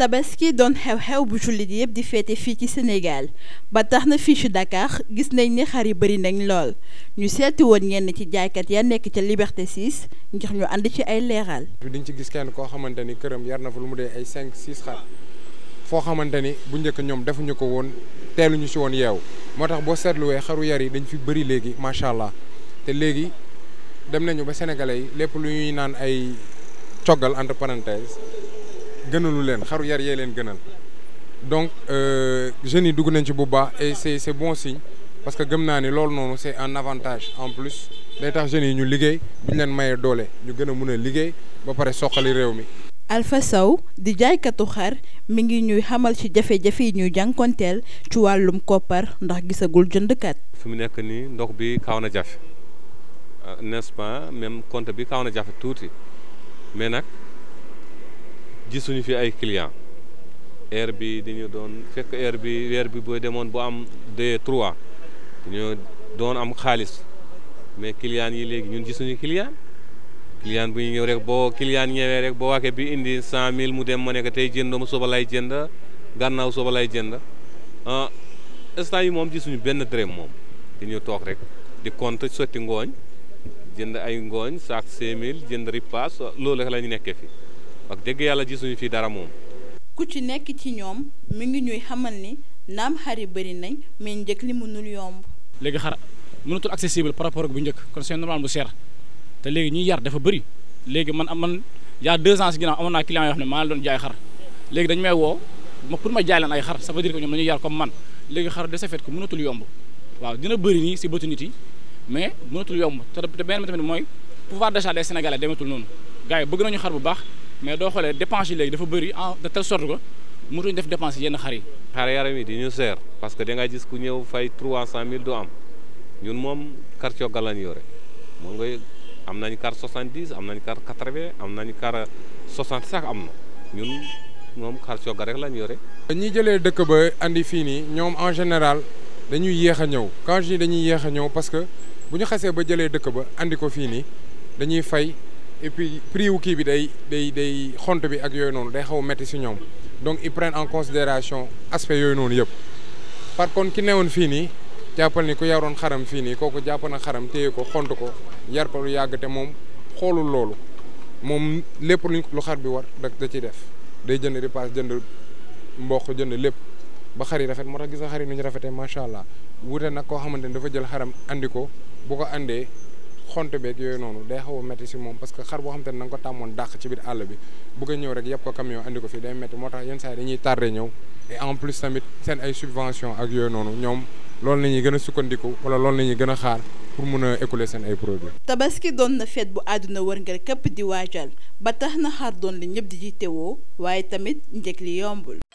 tabaski doon xew-xew bu jullit yëpp di féete fii ci Sénégal ba tax na fii ci Dakar gis nañ ni xar yi bëri nañ lool ñu seeti woon ñenn ci jaaykat ya nekk ca Liberté 6 ngir ñu ànd ci ay leeral. dañ ci gis kenn koo xamante ni këram yar na fa lu mu dee ay 5 6 xar foo xamante ni bu njëkk ñoom defuñu ko woon ñu si woon yeew moo tax boo seetluwee xaru yar yi dañ fi bëri léegi macha allah te léegi dem nañu ba sénégalais yi lépp lu ñuy naan ay coggal entre gënalu leen xaru yar yee leen gënal donc euh, jeunes yi dugg nañ ci bu baax et c'est c'est bon signe parce que gëm naa ni loolu noonu c'est un avantage en plus day tax jeunes yi ñu liggéey bu ñu leen mayee doole ñu gën a mun a liggéey ba pare soqali réew mi. Alpha Sow di jaaykatu xar mi ngi ñuy xamal ci jafe-jafe yi ñuy jànkonteel ci wàllum koppar ndax gisagul jëndkat. fi mu nekk nii ndox bi kaaw na jafe euh, n'est-ce pas même compte bi kaaw na jafe tuuti mais nag. gisuñu fi ay client air bi dañu doon fekk air bi weer bi booy demoon bu am deux trois dañoo doon am xaalis mais client yi léegi ñun suñu client client bu ñu ñëw rek boo client ñëwee rek boo waxee bi indi cent mille mu dem ma ne ko tey ma suba lay jënd gànnaaw suba lay jënd ah, instant yi moom ji suñu benn dërëm moom dañu toog rek di kont sotti ngooñ jënd ay ngooñ saak cinq mille jënd ripaas loolu rek la ñu nekkee fi wax dëgg yàlla gisuñu fi dara moom. ku ci nekk ci ñoom mi ngi ñuy xamal ni naam xar yi bëri nañ mais njëg li mënul yomb. léegi xar mënatul accessible par rapport bu njëkk kon c'est normal bu cher te léegi ñuy yar dafa bëri léegi man man yaa deux ans si ginnaaw amoon naa client yoo xam ne maa la doon jaay xar léegi dañu may woo ma pour ma jaay leen ay xar ça veut dire que ñoom dañuy yar comme man léegi xar de ce fait que mënatul yomb waaw dina bëri nii si bëtu nit yi mais mënatul yomb te te mais do xolé dépense de telle sorte que mënuñ def dépense yenn xari xar parce que da nga gis ku ñew fay 300000 cent am ñun mom kar des yoré mo ngay am nañ soixante am nañ quatre am nañ soixante ñun mom ba en général dañuy yéxa quand je dis dañuy yéxa parce que si ñu ba jëlee dëkk ba andi ko et puis prix wu kii bi day day day xont bi ak yoy noonu day xaw metti ci ñom donc ils prennent en considération aspect yoy noonu yépp par contre ki newoon fii nii jàppal ni ku yaroon xaram fii nii kooku jàpp na xaram téye ko xont ko yar ko lu yàgg te mom xolul lolu mom lepp luñ lu xar bi war da da ciy def day jënd repas jënd mbokk jënd lepp ba xari rafet moo tax gis nga ñu rafeté machallah wuté nak ko xamanté dafa jël xaram andiko bu ko andé xontu beeg yooyu noonu day xaw a métti moom parce xar boo xam ne na ko tàmmoon dàq ci biir àll bi bëgg ñëw rek yëpp camion andi ko fii day métti moo tax yenn saa yi dañuy tardé ñëw en plus tamit seen ay subvention ak yooyu noonu ñoom loolu la ñuy sukkandiku wala loolu la ñuy xaar pour mun a écouler seen ay produits. tabaski doon na feet bu àdduna wërngal képp di waajal ba tax na xar doon li ñëpp di jiitewoo waaye tamit njëg li